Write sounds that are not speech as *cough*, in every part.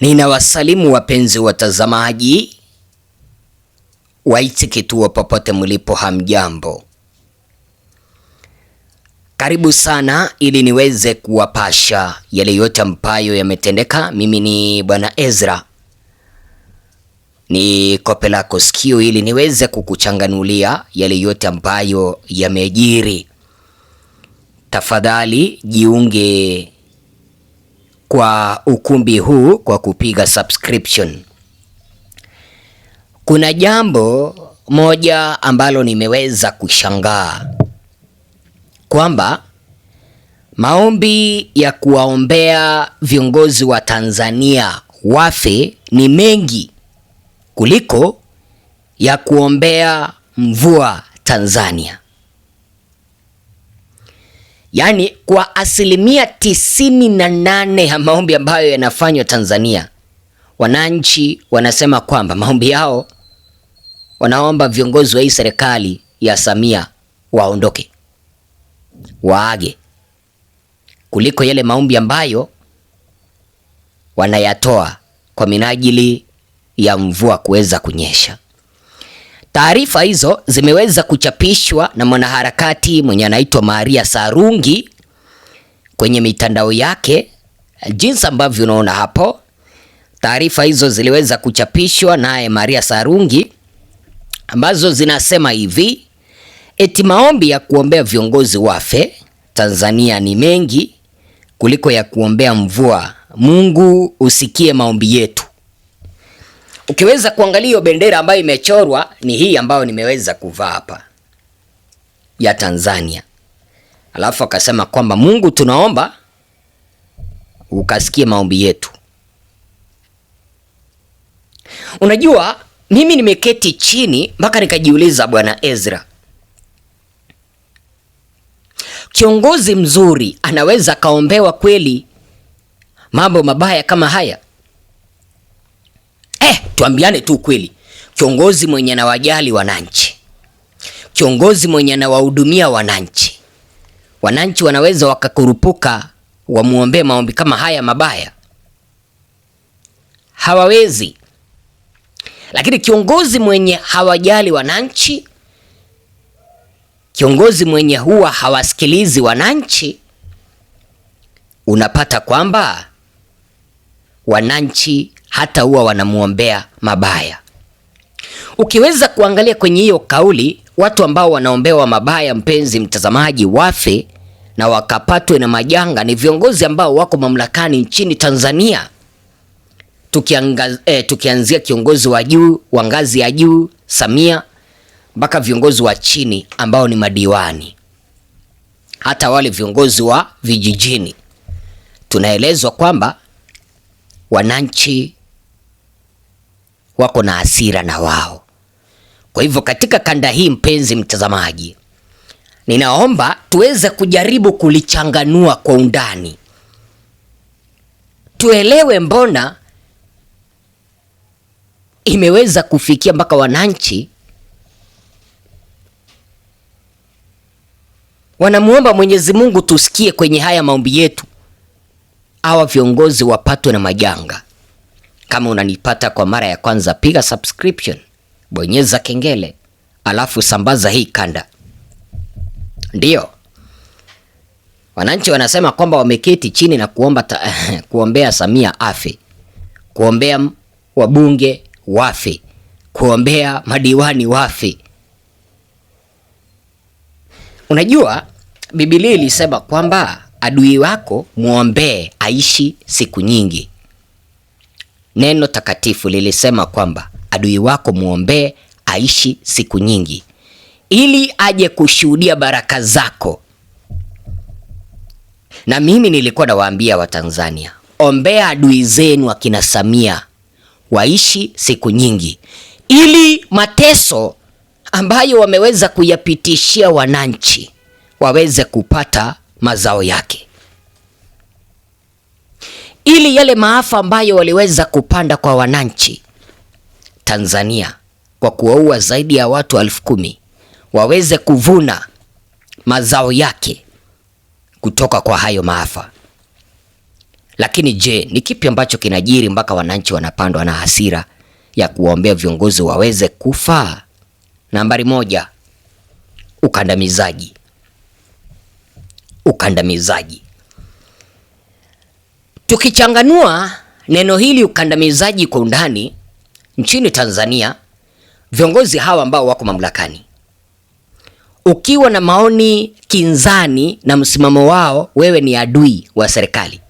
Ninawasalimu wapenzi watazamaji waiti kituo popote mlipo, hamjambo? Karibu sana ili niweze kuwapasha yale yote ambayo yametendeka. Mimi ni Bwana Ezra, ni kope lako sikio ili niweze kukuchanganulia yale yote ambayo yamejiri. Tafadhali jiunge kwa ukumbi huu kwa kupiga subscription. Kuna jambo moja ambalo nimeweza kushangaa kwamba maombi ya kuwaombea viongozi wa Tanzania wafe ni mengi kuliko ya kuombea mvua Tanzania. Yaani kwa asilimia tisini na nane ya maombi ambayo yanafanywa Tanzania, wananchi wanasema kwamba maombi yao, wanaomba viongozi wa hii serikali ya Samia waondoke, waage, kuliko yale maombi ambayo wanayatoa kwa minajili ya mvua kuweza kunyesha. Taarifa hizo zimeweza kuchapishwa na mwanaharakati mwenye anaitwa Maria Sarungi kwenye mitandao yake, jinsi ambavyo unaona hapo. Taarifa hizo ziliweza kuchapishwa naye Maria Sarungi ambazo zinasema hivi eti maombi ya kuombea viongozi wafe Tanzania ni mengi kuliko ya kuombea mvua. Mungu usikie maombi yetu. Ukiweza kuangalia bendera ambayo imechorwa ni hii ambayo nimeweza kuvaa hapa ya Tanzania. Alafu akasema kwamba Mungu, tunaomba ukasikie maombi yetu. Unajua, mimi nimeketi chini mpaka nikajiuliza, Bwana Ezra, kiongozi mzuri anaweza akaombewa kweli mambo mabaya kama haya? Eh, tuambiane tu ukweli, kiongozi mwenye anawajali wananchi, kiongozi mwenye anawahudumia wananchi, wananchi wanaweza wakakurupuka wamuombee maombi kama haya mabaya? Hawawezi. Lakini kiongozi mwenye hawajali wananchi, kiongozi mwenye huwa hawasikilizi wananchi, unapata kwamba wananchi hata huwa wanamwombea mabaya. Ukiweza kuangalia kwenye hiyo kauli, watu ambao wanaombewa mabaya, mpenzi mtazamaji, wafe na wakapatwe na majanga ni viongozi ambao wako mamlakani nchini Tanzania. Tukianga, eh, tukianzia kiongozi wa juu wa ngazi ya juu Samia mpaka viongozi wa chini ambao ni madiwani, hata wale viongozi wa vijijini, tunaelezwa kwamba wananchi wako na hasira na wao. Kwa hivyo katika kanda hii, mpenzi mtazamaji, ninaomba tuweze kujaribu kulichanganua kwa undani, tuelewe mbona imeweza kufikia mpaka wananchi wanamuomba Mwenyezi Mungu tusikie kwenye haya maombi yetu, hawa viongozi wapatwe na majanga. Kama unanipata kwa mara ya kwanza, piga subscription, bonyeza kengele, alafu sambaza hii kanda. ndio wananchi wanasema kwamba wameketi chini na kuomba ta, *laughs* kuombea Samia afe, kuombea wabunge wafe, kuombea madiwani wafe. Unajua Biblia ilisema kwamba adui wako mwombee aishi siku nyingi. Neno takatifu lilisema kwamba adui wako mwombee aishi siku nyingi, ili aje kushuhudia baraka zako. Na mimi nilikuwa nawaambia Watanzania, ombea adui zenu akina Samia waishi siku nyingi, ili mateso ambayo wameweza kuyapitishia wananchi waweze kupata mazao yake ili yale maafa ambayo waliweza kupanda kwa wananchi Tanzania kwa kuwaua zaidi ya watu elfu kumi waweze kuvuna mazao yake kutoka kwa hayo maafa. Lakini je, ni kipi ambacho kinajiri mpaka wananchi wanapandwa na hasira ya kuwaombea viongozi waweze kufa? Nambari moja, ukandamizaji. Ukandamizaji Tukichanganua neno hili ukandamizaji kwa undani, nchini Tanzania, viongozi hawa ambao wako mamlakani, ukiwa na maoni kinzani na msimamo wao, wewe ni adui wa serikali.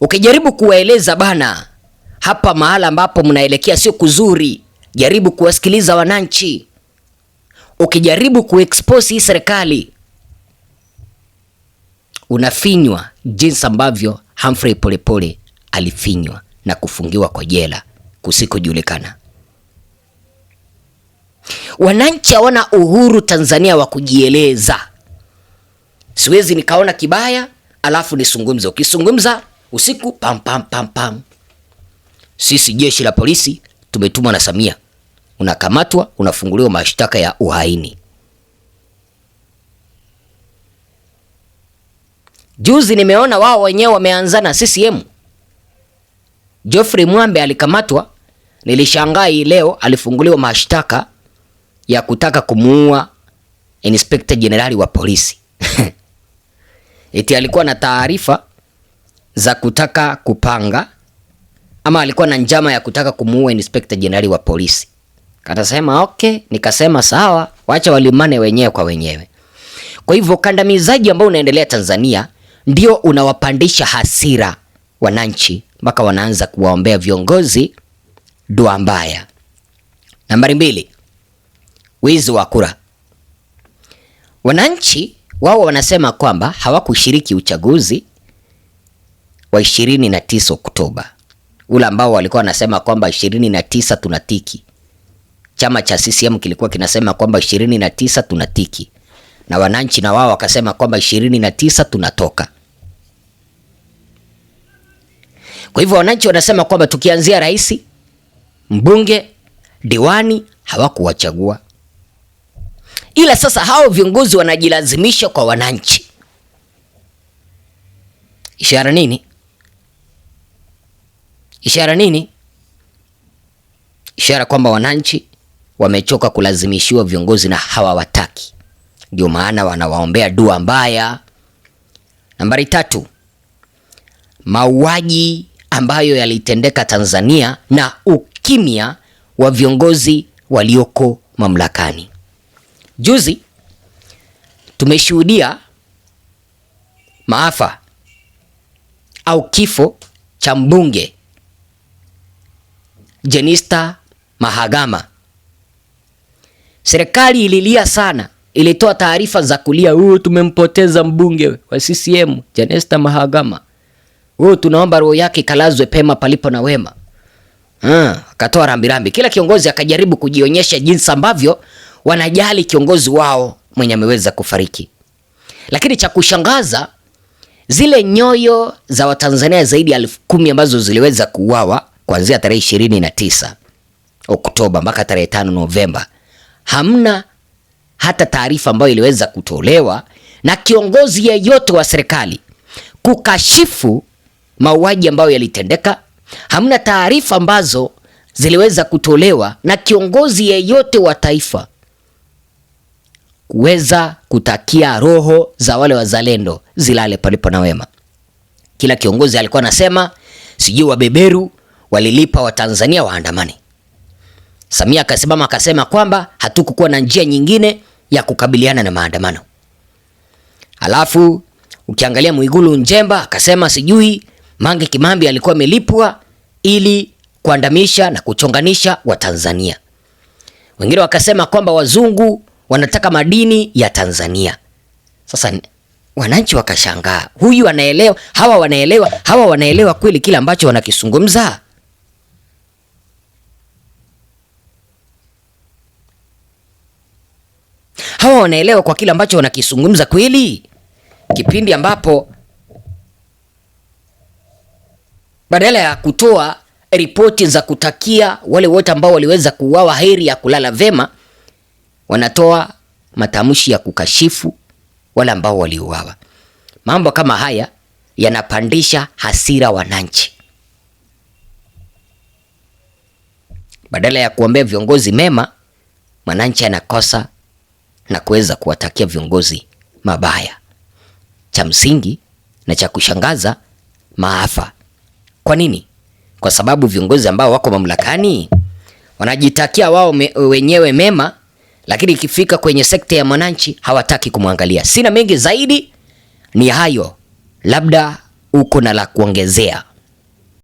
Ukijaribu kuwaeleza bana, hapa mahala ambapo mnaelekea sio kuzuri, jaribu kuwasikiliza wananchi. Ukijaribu kuexpose hii serikali unafinywa jinsi ambavyo Humphrey Polepole alifinywa na kufungiwa kwa jela kusikojulikana. Wananchi hawana uhuru Tanzania wa kujieleza. Siwezi nikaona kibaya alafu nisungumze. Ukisungumza usiku pam, pam, pam, pam. Sisi jeshi la polisi tumetumwa na Samia, unakamatwa unafunguliwa mashtaka ya uhaini. Juzi nimeona wao wenyewe wameanza na CCM. Geoffrey Mwambe alikamatwa, nilishangaa hii leo alifunguliwa mashtaka ya kutaka kumuua Inspector General wa polisi. *laughs* Eti alikuwa na taarifa za kutaka kupanga ama alikuwa na njama ya kutaka kumuua Inspector General wa polisi. Katasema okay, nikasema sawa, wacha walimane wenyewe kwa wenyewe. Kwa hivyo kandamizaji ambao unaendelea Tanzania ndio unawapandisha hasira wananchi mpaka wanaanza kuwaombea viongozi dua mbaya. Nambari mbili, wizi wa kura. Wananchi wao wanasema kwamba hawakushiriki uchaguzi wa 29 Oktoba ule ambao walikuwa wanasema kwamba 29 tunatiki. Chama cha CCM kilikuwa kinasema kwamba 29 tunatiki na wananchi na wao wakasema kwamba ishirini na tisa tunatoka. Kwa hivyo wananchi wanasema kwamba tukianzia rais, mbunge, diwani hawakuwachagua, ila sasa hao viongozi wanajilazimisha kwa wananchi. Ishara nini? Ishara nini? Ishara kwamba wananchi wamechoka kulazimishiwa viongozi na hawawataki ndio maana wanawaombea dua mbaya. Nambari tatu, mauaji ambayo yalitendeka Tanzania na ukimya wa viongozi walioko mamlakani. Juzi tumeshuhudia maafa au kifo cha mbunge Jenista Mahagama. Serikali ililia sana ilitoa taarifa za kulia, huyu tumempoteza mbunge wa CCM Janesta Mahagama, huyu tunaomba roho yake kalazwe pema palipo na wema. Ha, akatoa rambirambi. Kila kiongozi akajaribu kujionyesha jinsi ambavyo wanajali kiongozi wao mwenye ameweza kufariki, lakini cha kushangaza zile nyoyo za Watanzania zaidi ya elfu kumi ambazo ziliweza kuuawa kuanzia tarehe 29 Oktoba mpaka tarehe 5 Novemba hamna hata taarifa ambayo iliweza kutolewa na kiongozi yeyote wa serikali kukashifu mauaji ambayo yalitendeka. Hamna taarifa ambazo ziliweza kutolewa na kiongozi yeyote wa taifa kuweza kutakia roho za wale wazalendo zilale palipo na wema. Kila kiongozi alikuwa anasema sijui wabeberu walilipa Watanzania waandamani Samia akasimama akasema kwamba hatukukuwa na njia nyingine ya kukabiliana na maandamano. Alafu ukiangalia Mwigulu Njemba akasema sijui Mange Kimambi alikuwa amelipwa ili kuandamisha na kuchonganisha Watanzania. Wengine wakasema kwamba wazungu wanataka madini ya Tanzania. Sasa wananchi wakashangaa, huyu anaelewa? Hawa wanaelewa? Hawa wanaelewa kweli kile ambacho wanakizungumza? hawa wanaelewa kwa kile ambacho wanakizungumza kweli? Kipindi ambapo badala ya kutoa ripoti za kutakia wale wote ambao waliweza kuuawa heri ya kulala vema, wanatoa matamshi ya kukashifu wale ambao waliuawa. Mambo kama haya yanapandisha hasira wananchi. Badala ya kuombea viongozi mema, mwananchi anakosa na kuweza kuwatakia viongozi mabaya. Cha msingi na cha kushangaza, maafa. Kwa nini? Kwa sababu viongozi ambao wako mamlakani wanajitakia wao me, wenyewe mema, lakini ikifika kwenye sekta ya mwananchi hawataki kumwangalia. Sina mengi zaidi ni hayo, labda uko na la kuongezea.